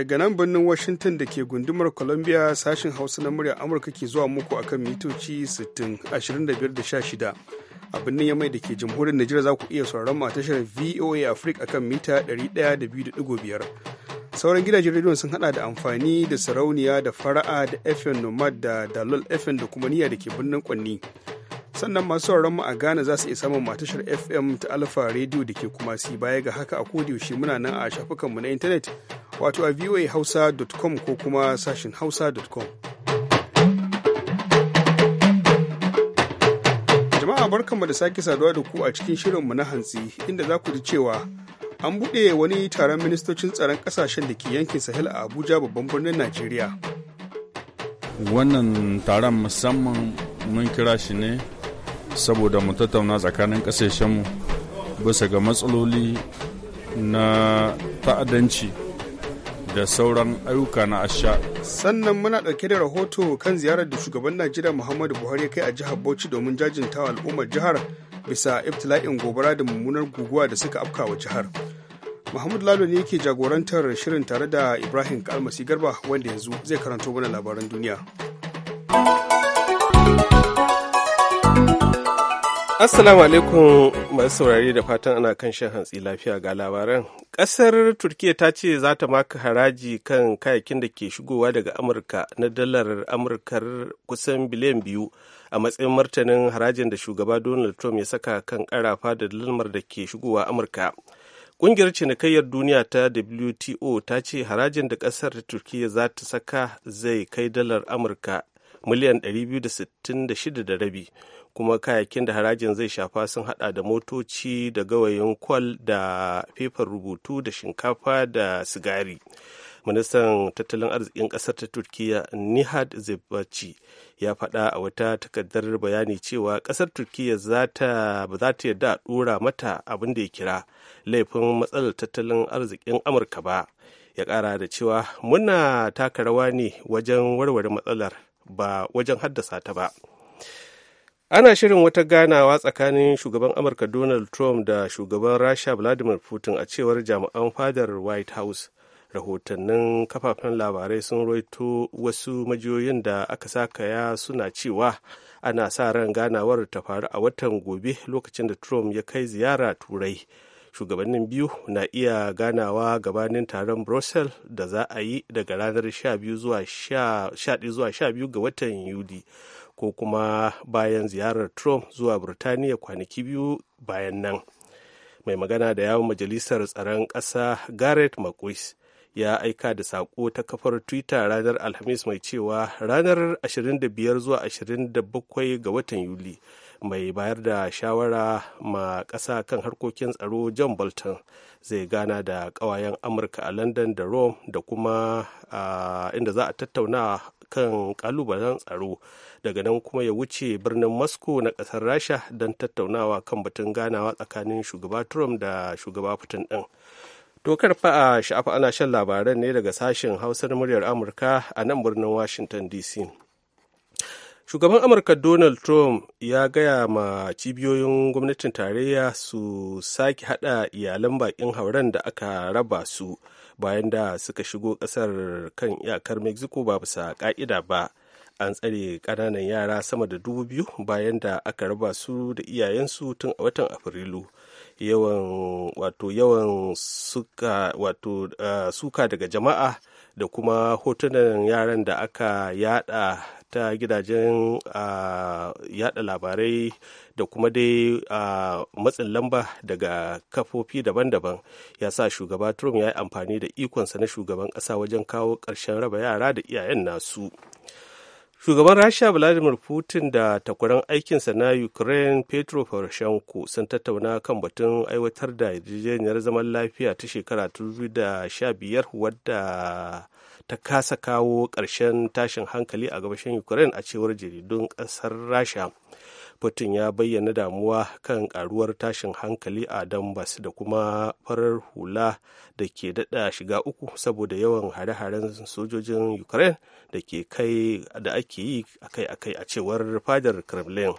daga nan birnin Washington da ke gundumar Columbia sashen Hausa na murya Amurka ke zuwa muku akan mitoci 60, 25 16. a birnin yamai da ke jamhuriyar Najeriya za ku iya sauraron mu a tashar VOA Africa akan mita 102.5. Sauran gidajen rediyon sun hada da amfani da sarauniya da fara'a da FM Nomad da Dalol FM da kuma niyya da ke birnin Kwanni. sannan masu sauran mu a Ghana za su iya samun matashar FM ta alpha Radio da ke kuma si baya ga haka a yaushe muna nan a shafukanmu na intanet wato a voahausa.com ko kuma sashin hausa.com. Jama'a barkanmu da sake saduwa da ku a cikin shirinmu na hantsi inda za ku ji cewa an buɗe wani taron ministocin tsaron ƙasashen da ke yankin Sahel a Abuja babban birnin Najeriya. Wannan taron musamman mun kira shi ne saboda mu tattauna tsakanin mu bisa ga matsaloli na ta'addanci da sauran ayyuka na asha. Sannan muna ɗauke da rahoto kan ziyarar da shugaban Najeriya Muhammadu Buhari ya kai a jihar Bauchi domin jajintawa al'ummar jihar bisa iftila'in gobara da mummunar guguwa da suka afka wa jihar. Muhammadu Lalo ne yake jagorantar shirin tare da Ibrahim Kalmasi Garba wanda yanzu zai karanto mana labaran duniya. Assalamu alaikum masu saurari da fatan ana kan shan hantsi lafiya ga labaran. Ƙasar Turkiyya ta ce za ta maka haraji kan kayakin da ke shigowa daga Amurka na dalar Amurkar kusan biliyan biyu a matsayin martanin harajin da shugaba Donald Trump ya saka kan karafa da dalmar da ke shigowa Amurka. Ƙungiyar cinikayyar duniya ta WTO ta ce harajin da kasar Turkiyya za ta saka zai kai dalar Amurka miliyan 266 da rabi. kuma kayakin da harajin zai shafa sun hada da motoci da gawayin kwal da fefar rubutu da shinkafa da sigari ministan tattalin arzikin kasar ta turkiya nihad zebaci ya faɗa a wata takardar bayani cewa ƙasar turkiya ba za ta yarda dora mata abin da ya kira laifin matsalar tattalin arzikin amurka ba ya ƙara da cewa muna taka rawa ne wajen warware matsalar ba wajen haddasa ta ba ana shirin wata ganawa tsakanin shugaban amurka donald trump da shugaban rasha vladimir putin a cewar jami'an fadar white house rahotannin kafafen labarai sun roito wasu majiyoyin da aka sakaya suna cewa ana sa ran ganawar ta faru a watan gobe lokacin da trump ya kai ziyara turai shugabannin biyu na iya ganawa gabanin taron brussels da za a yi daga ranar 12 zuwa 12 ga watan yuli ko kuma bayan ziyarar trump zuwa burtaniya kwanaki biyu bayan nan mai magana da yawon majalisar tsaron ƙasa gareth mccoys ya aika da saƙo ta kafar twitter ranar alhamis mai cewa ranar 25 zuwa 27 ga watan yuli mai bayar da shawara ma ƙasa kan harkokin tsaro john bolton zai gana da ƙawayen amurka a london da rome da kuma ah, inda za a tattauna kan kalubalen tsaro daga nan kuma ya wuce birnin moscow na kasar rasha don tattaunawa kan batun ganawa tsakanin shugaba trump da shugaba putin din to fa a sha'afa ana shan labaran ne daga sashen hausar muryar amurka a nan birnin washington dc shugaban amurka donald trump ya gaya ma cibiyoyin gwamnatin tarayya su sake hada iyalan bakin hauren da aka raba su bayan da suka shigo kasar kan iyakar mexico ba bisa ka'ida ba an tsare kananan yara sama da dubu biyu bayan da aka raba su da iyayensu tun a watan afrilu yawan wato yawan suka wato eh, suka daga jama'a da kuma hotunan yaran da aka yada ta gidajen yada labarai da kuma dai matsin lamba daga kafofi daban-daban ya sa shugaba trump ya yi amfani da ikonsa na shugaban ƙasa wajen kawo ƙarshen raba yara da iyayen nasu. shugaban rasha vladimir putin da takwaran aikinsa na ukraine petro poroshenko sun tattauna kan batun aiwatar da yarjejeniyar zaman lafiya ta shekara 2015 wadda ta kasa kawo ƙarshen tashin hankali a gabashin ukraine a cewar jaridun ƙasar rasha Putin ya bayyana damuwa kan karuwar tashin hankali a Donbass da kuma farar hula da ke daɗa shiga uku saboda yawan hare-haren sojojin Ukraine da ke kai da ake yi akai-akai a cewar fadar Kremlin.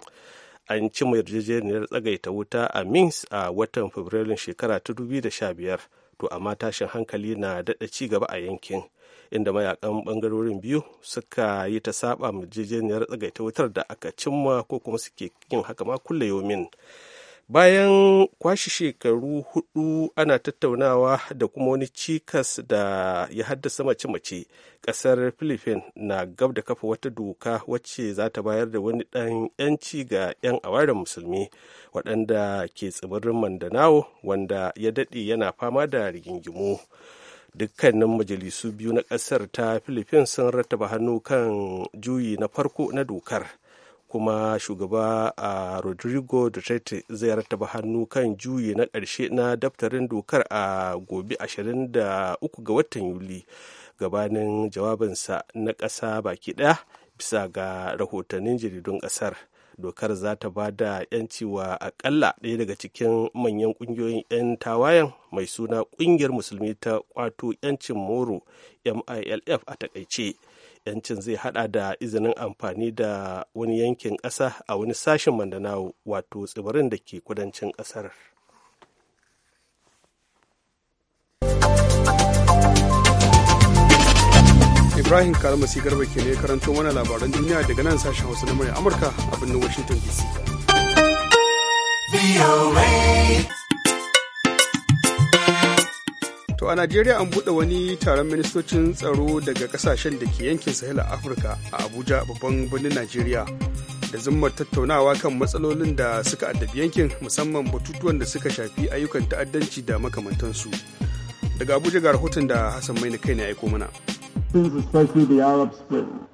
An ci mai yarjejeniyar tsagaita wuta a Minsk a watan Fabrilun shekara ta 2015, to amma tashin hankali na daɗa ci gaba a yankin. inda mayakan bangarorin biyu suka yi ta saba majejeniyar tsagaita wutar da aka cimma ko kuma suke yin haka ma kulle yomin bayan kwashe shekaru hudu ana tattaunawa da kuma wani cikas da ya haddasa mace-mace kasar philippines na gab da kafa wata doka wacce za ta bayar da wani dan yanci ga 'yan awarin musulmi waɗanda ke tsibirin mandanao wanda ya daɗe yana fama da rigingimu dukkanin majalisu biyu na ƙasar ta philippines sun rattaba hannu kan juyi na farko na dokar kuma shugaba a rodrigo duterte zai rattaba hannu kan juyi na ƙarshe na daftarin dokar a gobe 23 ga watan yuli gabanin jawabinsa na ƙasa baki ɗaya bisa ga rahotannin jaridun ƙasar dokar za ta ba da 'yanci wa akalla ɗaya daga cikin manyan ƙungiyoyin 'yan tawayen mai suna ƙungiyar musulmi ta kwato 'yancin moro milf a takaice yancin zai hada da izinin amfani da wani yankin ƙasa a wani sashen mandanawo wato tsibirin da ke kudancin ƙasar. Ibrahim Kalmasi Garba ke ne karanto mana labaran duniya daga nan sashen Hausa na murya Amurka a birnin Washington DC. To a Najeriya an buɗe wani taron ministocin tsaro daga kasashen da ke yankin sahel a Afirka a Abuja babban birnin Najeriya. da zimmar tattaunawa kan matsalolin da suka addabi yankin musamman batutuwan da suka shafi ayyukan ta'addanci da makamantansu daga abuja ga rahoton da hassan maina kai ne aiko mana Especially is supposed to be the Arab Spring.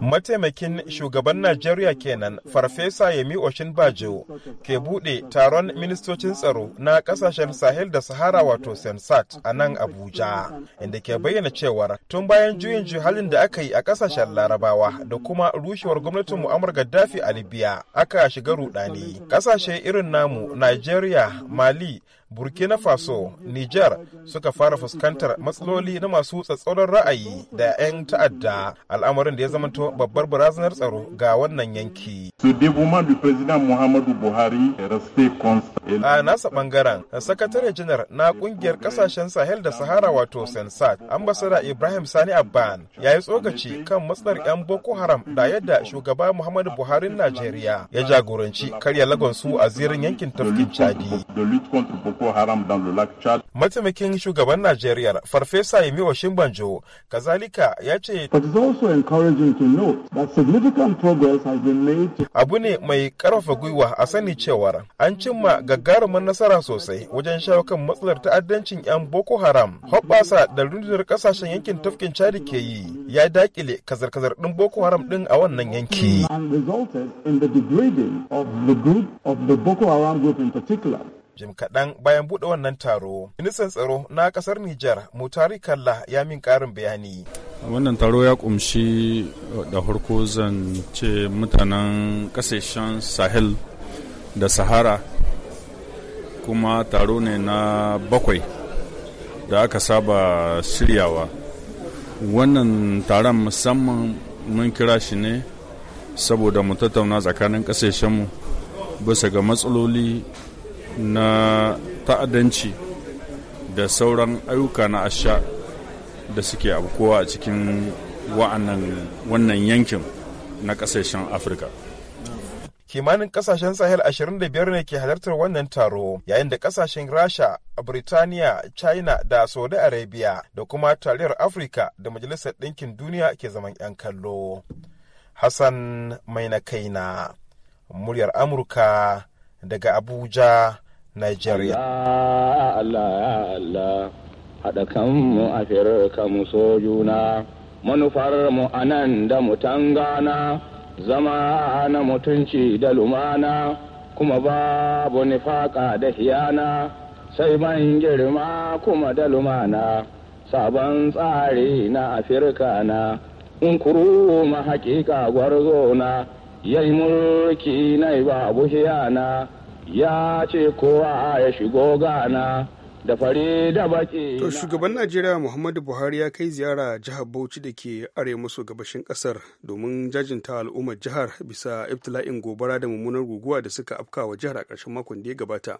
Mataimakin shugaban Najeriya kenan Farfesa Yemi Oshinbajo ke buɗe taron ministocin tsaro na ƙasashen Sahel da Sahara wato Sensat a nan Abuja, inda ke bayyana cewar tun bayan juyin halin da aka yi a ƙasashen Larabawa da kuma rushewar gwamnatin Muammar Gaddafi a Libya aka shiga rudani. Ƙasashe irin namu Najeriya, Mali, Burkina Faso, Niger suka fara fuskantar matsaloli na masu tsoron ra'ayi da 'yan ta'adda al'amarin da ya zamanto babbar barazanar tsaro ga wannan yanki. A nasa bangaren, sakatare janar na kungiyar kasashen Sahel da Sahara wato Sensat, ambasada Ibrahim Sani Abban ya yi tsokaci kan matsalar 'yan Boko Haram da yadda shugaba Muhammadu Buhari Najeriya ya jagoranci karya lagonsu a zirin yankin tafkin Chadi. Mataimakin shugaban Najeriya Farfesa Yemi Oshimban Obanjo. Kazalika ya ce, Abu ne mai karfafa gwiwa a sani cewar an cimma gagarumin nasara sosai wajen shawo kan matsalar ta'addancin 'yan Boko Haram. Hoɓɓasa da rundunar ƙasashen yankin tafkin Chadi ke yi ya dakile kazar-kazar ɗin Boko Haram ɗin a wannan yanki. an in the of the group of the Boko Haram group in particular. jim kaɗan bayan buɗe wannan taro ministan tsaro na ƙasar nijar mutari kalla ya min ƙarin bayani wannan taro ya ƙunshi eh, da harko zan ce mutanen ƙasashen sahel da sahara kuma taro ne na bakwai da aka saba shiryawa wannan taron musamman mun kira shi ne saboda mu tattauna tsakanin ƙasashenmu bisa ga matsaloli na ta'addanci da sauran ayyuka na asha da suke abkowa a cikin wa'annan wannan yankin na kasashen afirka kimanin kasashen sahel 25 ne ke halartar wannan taro yayin da kasashen rasha britaniya China da Saudi Arabia da kuma tarayyar Afirka da Majalisar Ɗinkin Duniya ke zaman 'yan kallo. Hassan Mainakaina, muryar Amurka daga Abuja, Nigeria. Allah ya Allah haɗa mu a kanmu so juna manufar mu anan da mu tangana zama na mutunci da lumana kuma babu nifaka da hiyana sai ban girma kuma da lumana sabon tsari na afirka na kuru ma hakika gwarzo na yai mulki na babu hiyana ya ce kowa ya shigo gana da fare da baki. To shugaban Najeriya Muhammadu Buhari ya kai ziyara jihar Bauchi da ke arewa maso gabashin kasar domin jajinta al'ummar jihar bisa ibtila'in gobara da mummunar guguwa da suka afka wa jihar a ƙarshen makon da ya gabata.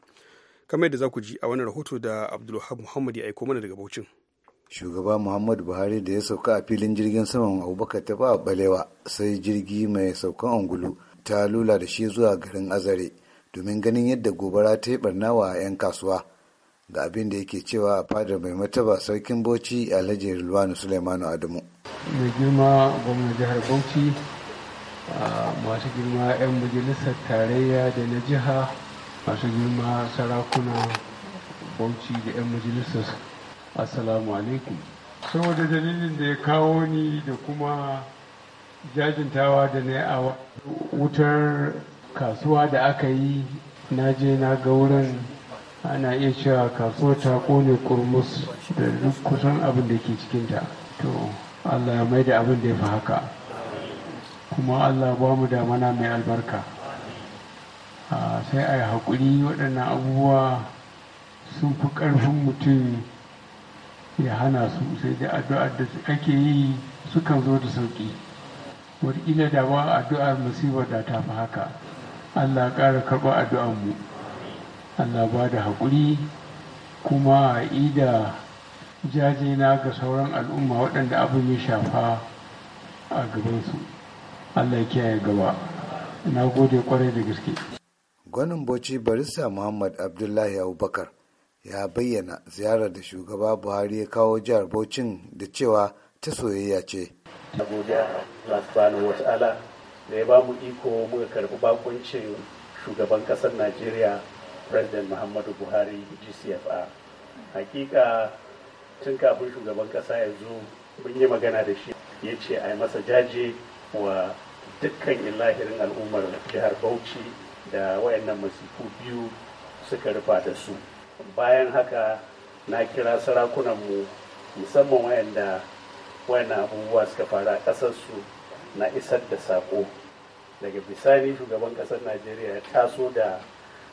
Kamar yadda za ku ji a wani rahoto da Abdulwahab Muhammad ya aiko mana daga baucin. shugaba muhammadu buhari da ya sauka a filin jirgin saman abubakar ta ba balewa sai jirgi mai saukan angulu ta lula da shi zuwa garin azare domin ganin yadda gobara ta yi barna wa 'yan kasuwa ga abin da yake cewa a fadar mai mataba sarkin bauchi alhaji rilwanu suleimanu adamu mai girma gwamnan jihar bauchi masu girma 'yan majalisar tarayya da na jiha masu girma sarakuna bauchi da 'yan majalisar assalamu alaikum saboda dalilin da ya kawo ni da kuma jajintawa da na a wutar kasuwa da aka yi na je na ga wurin ana iya cewa kasuwa ta kone kurmus da duk kusan abin da ke cikinta to allah ya mai da abin da ya fi haka kuma allah ba mu damana mai albarka sai a yi haƙuri waɗannan abubuwa sun fi ƙarfin mutum ya hana su sai da addu'ar da ake yi sukan zo da sauƙi ila da ba addu'ar musibar da ta fi haka Allah ƙara karɓa addu'an mu Allah ba da haƙuri kuma ida jajena ga sauran al'umma waɗanda abin ya shafa a gabansu Allah ya kiyaye gaba na gode kwarai da gaske gwanin bauchi barista muhammad abdullahi abubakar ya bayyana ziyarar da shugaba buhari ya kawo jihar bauchin da cewa ta soyayya ce. Abuja, Allah wa ta'ala da ya ba mu iko muka karbi bakuncin shugaban kasar najeriya president muhammadu buhari gcfr hakika tun kafin shugaban kasa ya zo mun yi magana da shi ya ce a yi masa jaje wa dukkan ilahirin al'ummar jihar bauchi da wayannan masifu biyu suka rufa da su bayan haka na kira sarakunanmu musamman wayanda wayannan abubuwa suka faru a ƙasarsu na isar da saƙo daga bisani shugaban ƙasar najeriya ya taso da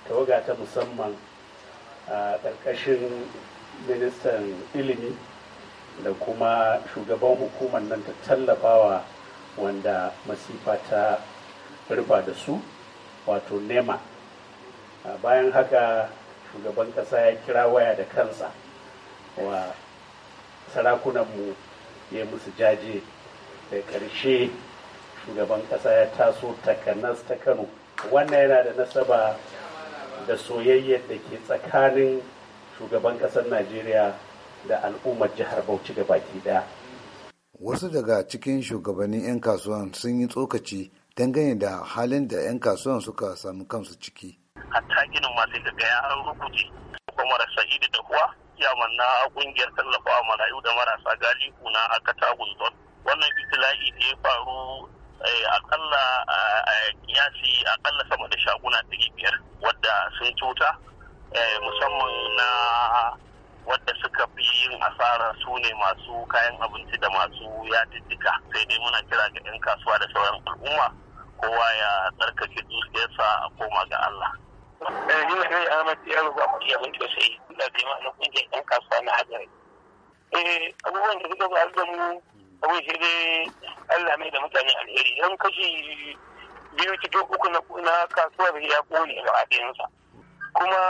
tawaga ta musamman a ƙarƙashin ministan ilimi da kuma shugaban hukumar nan ta tallafawa wanda masifa ta rufa da su wato nema bayan haka shugaban ƙasa ya kira waya da kansa wa sarakunanmu ya musu jaje da ƙarshe shugaban kasa ya taso takanas ta kano wannan yana da nasaba da soyayyar da ke tsakanin shugaban kasar najeriya da al'ummar jihar bauchi ga baki daya wasu daga cikin shugabannin 'yan kasuwan sun yi tsokaci dangane da halin da 'yan kasuwan suka samu kansu ciki hatta ginin masu daga an rukuji kuma da sa'idu da kuwa manna a kungiyar tallafawa marayu da marasa galihu na akata gundon wannan itila'i da ya faru Eh, akalla eh, eh, ya ci akalla sama da shaguna ɗari biyar wadda sun cuta musamman na wadda suka fi yin asara su ne masu kayan abinci da masu ya diddika. sai dai muna kira ga 'yan kasuwa da sauran al'umma kowa ya tsarkake dukiyarsa a koma ga Allah. Ni ne mai Ahmad ya ba mu iya mutu sai da jama'a na kungiyar 'yan kasuwa na hajjari. Eh abubuwan da suka ba da mu abin shi dai Allah mai da mutane alheri don kashi biyu cikin uku na kasuwar ya kone gaba ɗayansa kuma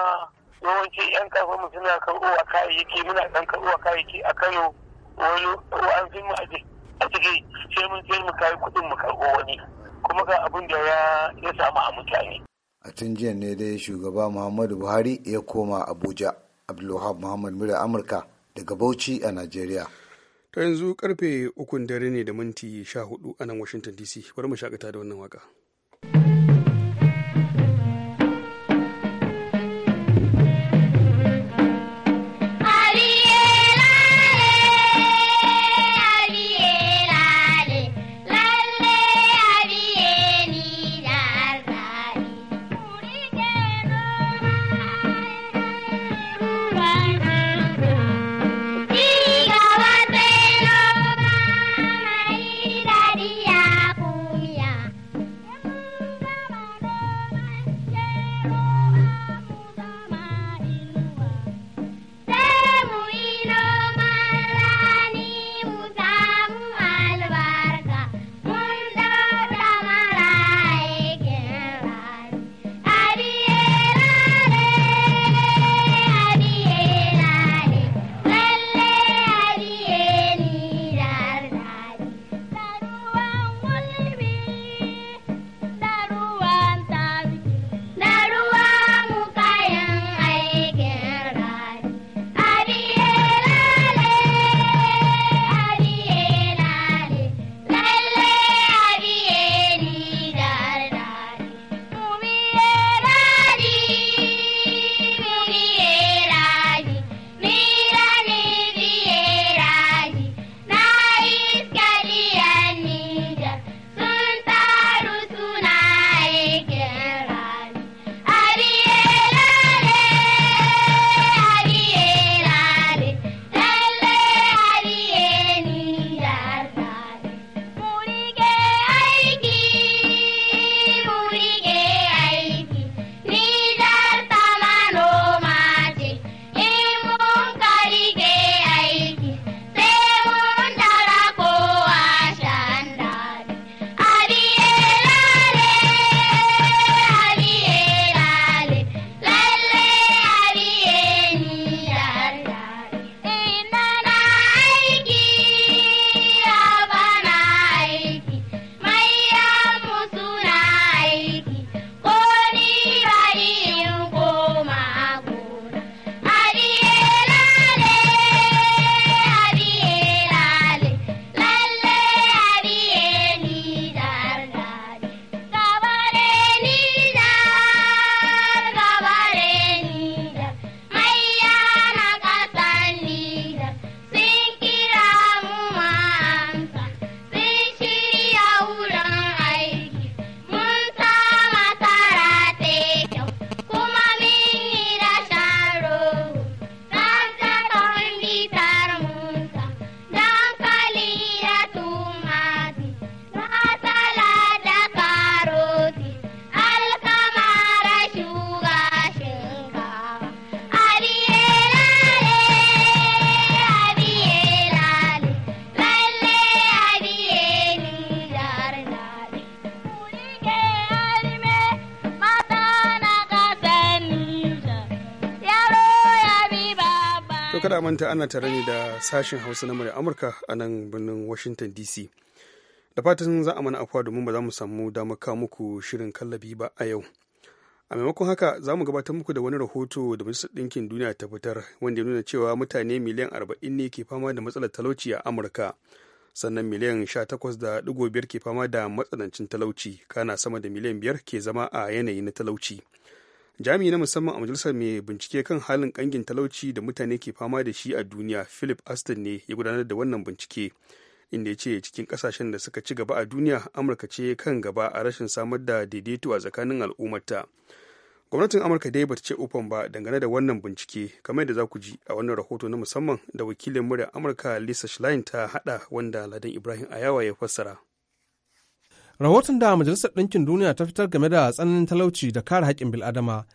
yawanci 'yan kasuwar mu suna karuwa kayayyaki muna ɗan karuwa kayayyaki a Kano wani an fi mu a ciki sai mun sai mu kai kuɗin mu karɓo wani kuma ga abin da ya ya samu a mutane. A tun jiya ne dai shugaba Muhammadu Buhari ya koma Abuja. Abdulwahab Muhammad Mura Amurka daga Bauchi a Najeriya. ta yanzu karfe ukun dare ne da minti 14 a nan washington dc bari mu shakata da wannan waka manta ana tare ne da sashen hausa na murya amurka a nan birnin washington dc da fatan za a mana afuwa domin ba za mu samu damar ka muku shirin kallabi ba a yau a maimakon haka za mu gabatar muku da wani rahoto da majalisar ɗinkin duniya ta fitar wanda ya nuna cewa mutane miliyan arba'in ne ke fama da matsalar talauci a amurka sannan miliyan sha takwas da 18.5 ke fama da matsanancin talauci kana sama da miliyan biyar ke zama a yanayi na talauci jami'i na musamman a majalisar mai bincike kan halin kangin talauci da mutane ke fama da shi a duniya philip aston ne ya gudanar da wannan bincike inda ya ce cikin kasashen da suka ci gaba a duniya amurka ce kan gaba a rashin samar da daidaito a tsakanin al'ummarta gwamnatin amurka dai bata ce ufan ba dangane da wannan bincike kamar yadda za ku ji a wannan rahoto na musamman da wakilin murya amurka lisa schlein ta hada wanda ladan ibrahim ayawa ya fassara rahoton da majalisar ɗinkin duniya ta fitar game da tsananin talauci da kare haƙƙin bil'adama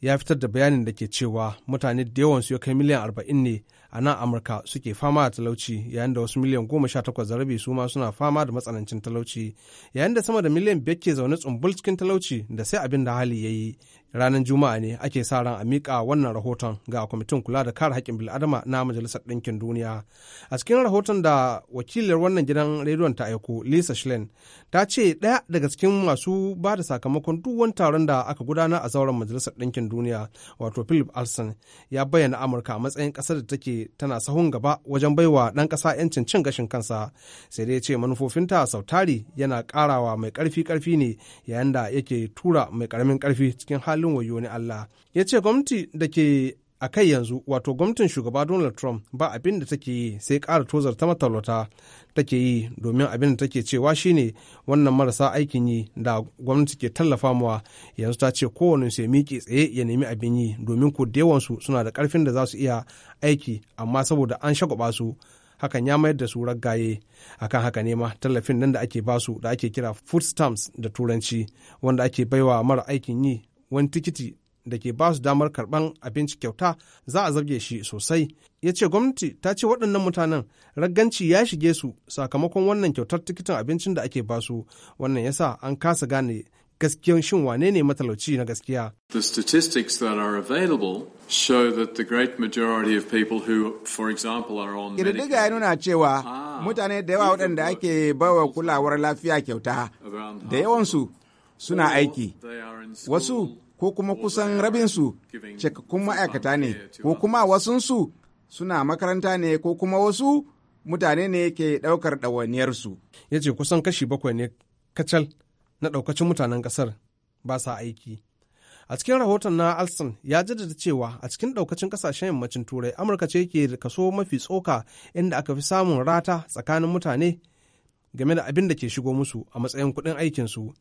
ya fitar da bayanin da ke cewa mutane da yawan su ya kai miliyan arba'in ne a nan amurka suke fama da talauci yayin da wasu miliyan goma sha takwas da rabi su ma suna fama da matsanancin talauci yayin da sama da miliyan biyar ke zaune tsumbul cikin talauci da sai abin da hali ya yi ranar juma'a ne ake sa ran a miƙa wannan rahoton ga kwamitin kula da kare haƙƙin bil'adama na majalisar ɗinkin duniya a cikin rahoton da wakilar wannan gidan rediyon ta aiko lisa schlein ta ce ɗaya daga cikin masu ba da sakamakon duk wani taron da aka gudana a zauren majalisar ɗinkin duniya wato philip alson ya bayyana amurka a matsayin ƙasar da take tana sahun gaba wajen baiwa ɗan ƙasa 'yancin cin gashin kansa sai dai ce manufofinta sautari yana ƙarawa mai ƙarfi ƙarfi ne yayin da yake tura mai ƙaramin ƙarfi cikin hali halin wayo ne Allah ya ce gwamnati da ke a kai yanzu wato gwamnatin shugaba Donald Trump ba abin da take yi sai kara tozar ta matalauta take yi domin abin da take cewa shine wannan marasa aikin yi da gwamnati ke tallafa mawa yanzu ta ce kowane sai miƙe tsaye ya nemi abin yi domin ko da suna da karfin da za su iya aiki amma saboda an shagwaba su hakan ya mayar da su raggaye akan haka ne ma tallafin nan da ake basu da ake kira food stamps da turanci wanda ake baiwa mara aikin yi wani tikiti da ke ba su damar karban abinci kyauta za a zarge shi sosai ya ce gwamnati ta ce waɗannan mutanen ragganci ya shige su sakamakon wannan kyautar tikitin abincin da ake ba su wannan yasa an kasa gane gaskiyan shin wane ne matalauci na gaskiya. The statistics that are available show that the great majority of people who, for example, are on Kirdiga ya nuna cewa ah, mutane da yawa waɗanda ake bawa kulawar lafiya kyauta da yawansu suna aiki wasu ko kuma kusan rabinsu cikakkun ma'aikata ne ko kuma wasunsu suna makaranta ne ko kuma wasu mutane ne ke ɗaukar ɗawaniyarsu ya ce kusan kashi bakwai ne kacal na ɗaukacin mutanen ƙasar ba sa aiki a cikin rahoton na alston ya jaddada cewa a cikin ɗaukacin ƙasashen yammacin turai amurka ce ke kaso mafi tsoka inda aka fi samun rata tsakanin mutane game da abin da ke shigo musu a matsayin kuɗin aikinsu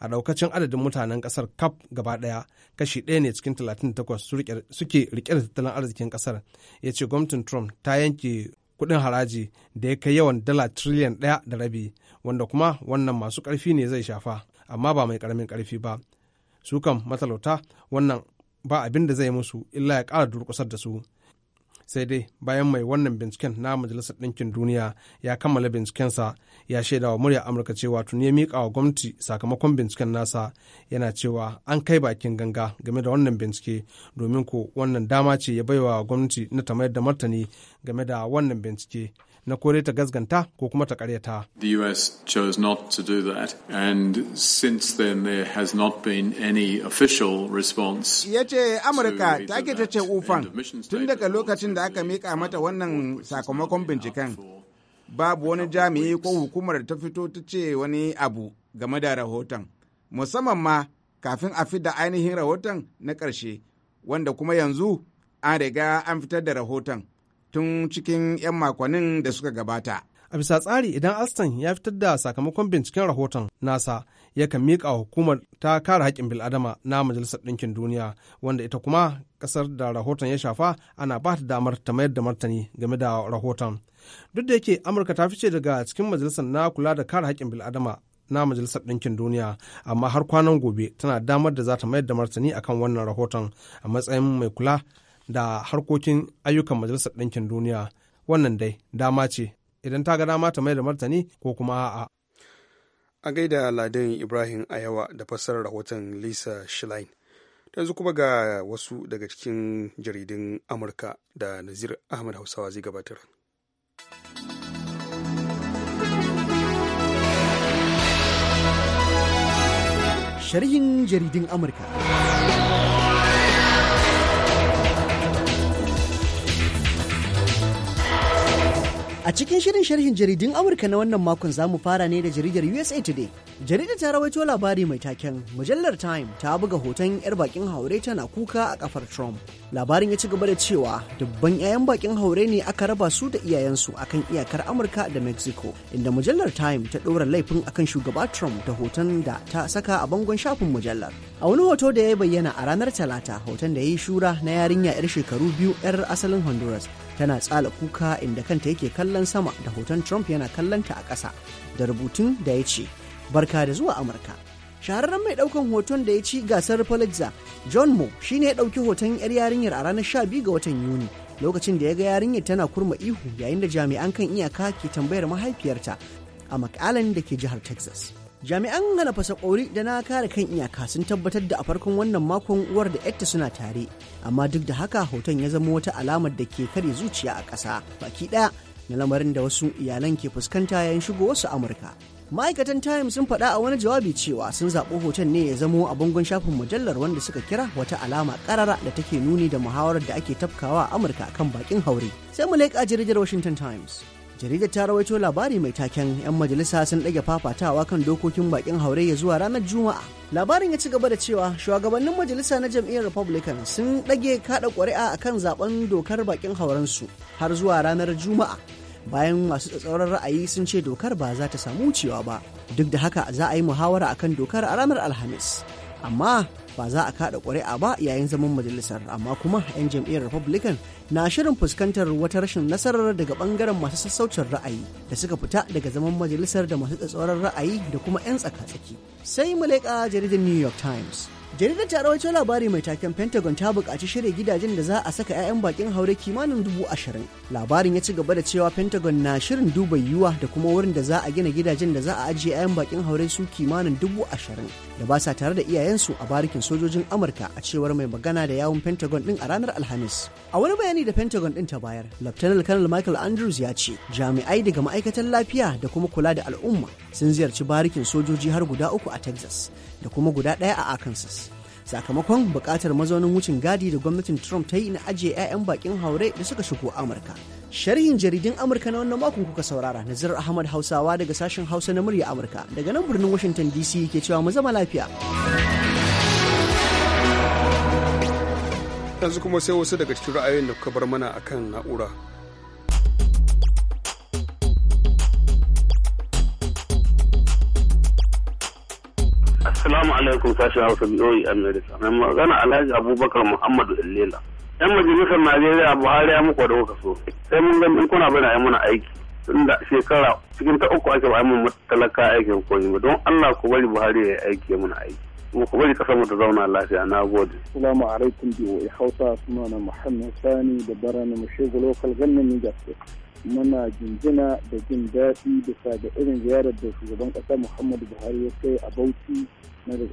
a daukacin adadin mutanen kasar kaf gaba daya kashi ɗaya ne cikin 38 suke rike da tattalin arzikin kasar ya ce gwamnatin trump ta yanke kuɗin haraji da ya kai yawan dala triliyan ɗaya da rabi wanda kuma wannan masu ƙarfi ne zai shafa amma ba mai ƙaramin ƙarfi ba su kan matalauta wannan ba abin da zai musu illa ya ƙara durƙusar da su sai dai bayan mai wannan binciken na majalisar ɗinkin duniya ya kammala bincikensa ya shaidawa murya amurka cewa tuni ya miƙa wa gwamnati sakamakon binciken nasa yana cewa an kai bakin ganga game da wannan bincike domin ko wannan dama ce ya baiwa gwamnati na ta mayar da martani game da wannan bincike na kore ta gasganta ko kuma ta karyata. The US chose not to do that and since then there has not been any official response. Ya ce Amurka ta ke ta ce ufan tun daga lokacin da aka mika mata wannan sakamakon binciken babu wani jami'i ko hukumar ta fito ta ce wani abu game da rahoton musamman ma kafin a fi da ainihin rahoton na ƙarshe wanda kuma yanzu an riga an fitar da rahoton. tun cikin 'yan makonnin da suka gabata. A bisa tsari idan Alston ya fitar da sakamakon binciken rahoton nasa yakan miƙa hukumar ta kare haƙƙin bil'adama na Majalisar Ɗinkin Duniya wanda ita kuma ƙasar da rahoton ya shafa ana ba ta damar ta mayar da martani game da rahoton. Duk da yake Amurka ta fice daga cikin majalisar na kula da kare haƙƙin bil'adama na Majalisar Ɗinkin Duniya amma har kwanan gobe tana damar da za ta mayar da martani akan wannan rahoton a matsayin mai kula da harkokin ayyukan majalisar ɗinkin duniya wannan dai dama ce idan ta ga dama ta mai da martani ko kuma a'a. a gaida ladin ibrahim ayawa da fassarar rahoton lisa schlein yanzu kuma ga wasu daga cikin jaridun amurka da nazir ahmad hausawa zai gabatar sharhin jaridun amurka A cikin shirin sharhin jaridun Amurka na wannan makon za mu fara ne da jaridar USA Today. Jaridar ta rawaito labari mai taken mujallar Time ta buga hoton 'yar bakin haure tana kuka a kafar Trump. Labarin ya ci gaba da cewa dubban 'ya'yan bakin haure ne aka raba su da iyayensu akan iyakar Amurka da Mexico, inda mujallar Time ta ɗora laifin akan shugaba Trump da hoton da ta saka a bangon shafin mujallar. A wani hoto da ya bayyana a ranar Talata, hoton da ya yi shura na yarinya 'yar shekaru biyu 'yar asalin Honduras. tana tsala kuka inda kanta yake kallon sama da hoton trump yana kallon ta a ƙasa da rubutun da ya ce barka da zuwa amurka shahararren mai daukan hoton da ya ci gasar pulitzer john mo shine ya ɗauki hoton yar yarinyar a ranar 12 ga watan yuni lokacin da ya ga yarinyar tana kurma ihu yayin da jami'an kan iyaka ke tambayar mahaifiyarta a makalan da ke jihar texas jami'an hana ƙori da na kare kan iyaka sun tabbatar da a farkon wannan makon uwar da yatta suna tare amma duk da haka hoton ya zama wata alamar da ke kare zuciya a ƙasa baki ɗaya na lamarin da wasu iyalan ke fuskanta yayin shigo wasu amurka ma'aikatan Times sun faɗa a wani jawabi cewa sun zaɓo hoton ne ya zamo a bangon shafin mujallar wanda suka kira wata alama ƙarara da take nuni da muhawarar da ake tafkawa amurka kan bakin haure sai mu leƙa jirgin washington times jaridar ta rawaito labari mai taken 'yan majalisa sun ɗage fafatawa kan dokokin bakin haurayya zuwa ranar juma'a labarin ya ci gaba da cewa shugabannin majalisa na jam'iyyar republican sun ɗage kaɗa ƙuri'a akan zaben dokar bakin haurensu har zuwa ranar juma'a bayan masu tsatsauran ra'ayi sun ce dokar ba za ta samu wucewa ba duk da haka za a yi muhawara akan dokar a ranar alhamis amma ba za a kada ƙuri'a ba yayin zaman majalisar amma kuma 'yan jam'iyyar republican na shirin fuskantar wata rashin nasarar daga bangaren masu sassaucin ra'ayi da suka fita daga zaman majalisar da masu tsatsauran ra'ayi da kuma 'yan tsaka-tsaki sai mu leƙa jaridar new york times jaridar ta rawaito labari mai taken pentagon ta buƙaci shirya gidajen da za a saka 'ya'yan bakin haure kimanin dubu ashirin labarin ya ci gaba da cewa pentagon na shirin duba yiwuwa da kuma wurin da za a gina gidajen da za a ajiye 'ya'yan bakin haure su kimanin dubu ashirin da ba sa tare da iyayensu a barikin sojojin amurka a cewar mai magana da yawun pentagon din a ranar alhamis a wani bayani da pentagon din ta bayar lieutenant colonel michael andrews ya ce jami'ai daga ma'aikatan lafiya da kuma kula da al'umma sun ziyarci barikin sojoji har guda uku a texas da kuma guda ɗaya a Arkansas. Sakamakon buƙatar mazaunin wucin gadi da gwamnatin Trump ta yi na ajiye 'ya'yan bakin haure da suka shigo Amurka. Sharhin jaridun Amurka na wannan makon kuka saurara Nazir Ahmad Hausawa daga sashen Hausa na murya Amurka daga nan birnin Washington DC ke cewa mu zama lafiya. Yanzu kuma sai wasu daga cikin ra'ayoyin da kuka bar mana akan na'ura. Assalamu alaikum sashen Hausa BOE America. Mai magana Alhaji Abubakar Muhammadu Illela. Yan majalisar Najeriya Buhari ya muku da kuka so. Sai mun gani in kuna bana yi mana aiki. Tunda shekara cikin ta uku ake ba mun talaka aikin koyi don Allah ku bari Buhari ya yi aiki ya aiki. mu ku bari kasar mu ta zauna lafiya na gode. Assalamu alaikum BOE Hausa sunana Muhammad Sani da Barani Mashegu Local Gannan Niger State. muna jinjina da jin daɗi bisa ga irin ziyarar da shugaban ƙasa muhammadu buhari ya kai a bauchi na da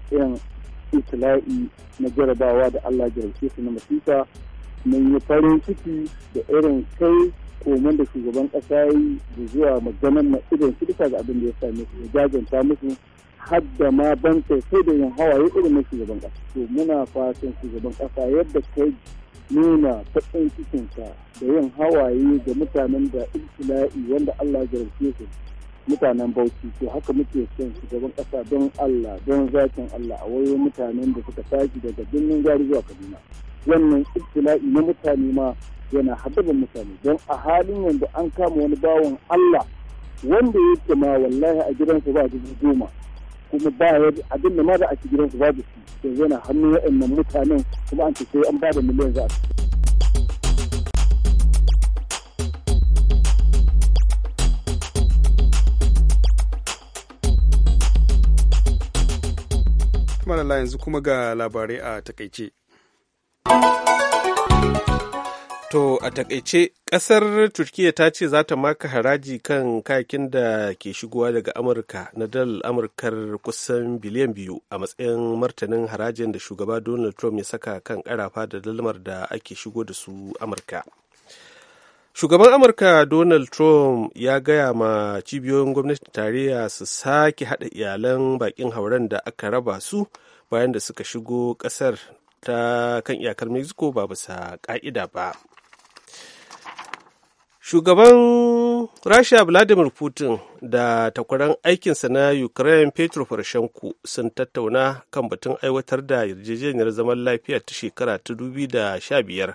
itila'i na jarabawa da allah jirage su na masifa mun yi farin ciki da irin kai komen da shugaban ƙasa yi da zuwa maganar na irin su bisa ga abin da ya same su ya jajanta musu hadda ma ban sai da yin hawaye irin na shugaban ƙasa to muna fatan shugaban ƙasa yadda kai nuna baƙin cikinsa da yin hawaye da mutanen da ibtila'i wanda Allah ya garfe su mutanen bauchi to haka muke son shugaban ƙasa don Allah don zakin Allah a wayo mutanen da suka tashi daga birnin gari zuwa Kaduna wannan ibtila'i na mutane ma yana haddabin mutane don a halin yanzu an kama wani bawan Allah wanda yake ma wallahi a gidansa ba dubu goma kuma ba ya abin da ma da ake su babu shi yanzu yana hannun waɗannan mutanen kuma an tafi an ba da miliyan za a Malala yanzu kuma ga labarai a takaice. To a takaice kasar Turkiyya ta ce za ta maka haraji kan kayakin da ke shigowa daga Amurka na dal Amurkar kusan biliyan biyu a matsayin martanin harajin da shugaba Donald Trump ya saka kan karafa da dalmar da ake shigo da su Amurka. Shugaban Amurka Donald Trump ya gaya ma cibiyoyin gwamnatin tarayya su sake haɗa iyalan bakin hauren da aka raba su bayan da suka shigo ƙasar ta kan iyakar Mexico ba bisa ƙa'ida ba. shugaban rasha vladimir putin da takwaran aikinsa na ukraine petro poroshenko sun tattauna kan batun aiwatar da yarjejeniyar zaman lafiya ta shekara ta 2015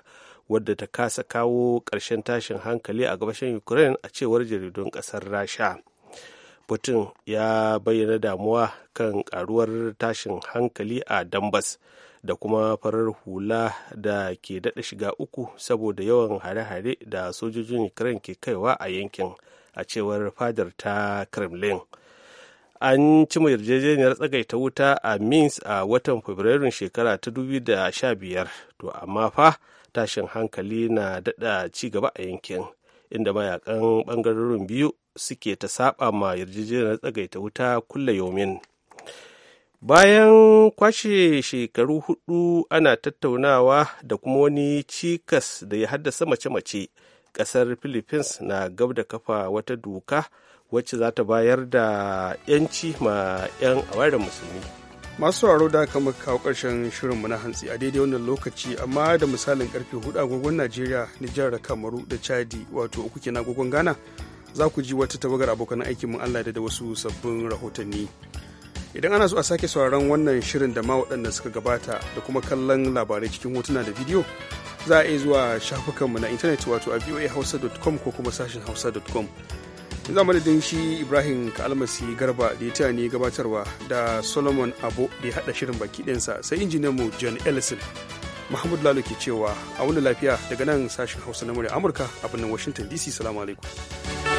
wadda ta kasa kawo ƙarshen tashin hankali a gabashin ukraine a cewar jaridun ƙasar rasha putin ya bayyana damuwa kan ƙaruwar tashin hankali a donbass da kuma farar hula da ke daɗa shiga uku saboda yawan hare-hare da sojojin ukraine ke kaiwa a yankin a cewar fadar ta kremlin an cima yarjejeniyar tsagaita wuta a minsk a watan fabrairun shekara ta da sha-biyar, to amma fa tashin hankali na daɗa ci gaba a yankin inda mayakan ɓangarorin biyu suke ta saba ma yarjejeniyar tsagaita wuta kulle yomin bayan kwashe shekaru hudu ana tattaunawa da kuma wani cikas da ya haddasa mace-mace kasar philippines na gab da kafa wata doka wacce za ta bayar da 'yanci ma 'yan awarin musulmi masu sauraro da aka kawo karshen shirinmu na hantsi a daidai wannan lokaci amma da misalin karfe hudu a agogon najeriya nijar da kamaru da chadi wato uku kenan agogon ghana za ku ji wata tawagar abokan aikinmu allah da wasu sabbin rahotanni idan ana so a sake sauraron wannan shirin da ma waɗanda suka gabata da kuma kallon labarai cikin hotuna da bidiyo za a iya zuwa shafukanmu na intanet wato a voahausa.com ko kuma sashen hausa.com za madadin shi ibrahim kalmasi garba da ya taya ne gabatarwa da solomon abu da ya haɗa shirin baki ɗinsa sai injiniyan mu john ellison mahmud lalo ke cewa a wani lafiya daga nan sashen hausa na murya amurka a birnin washington dc salamu alaikum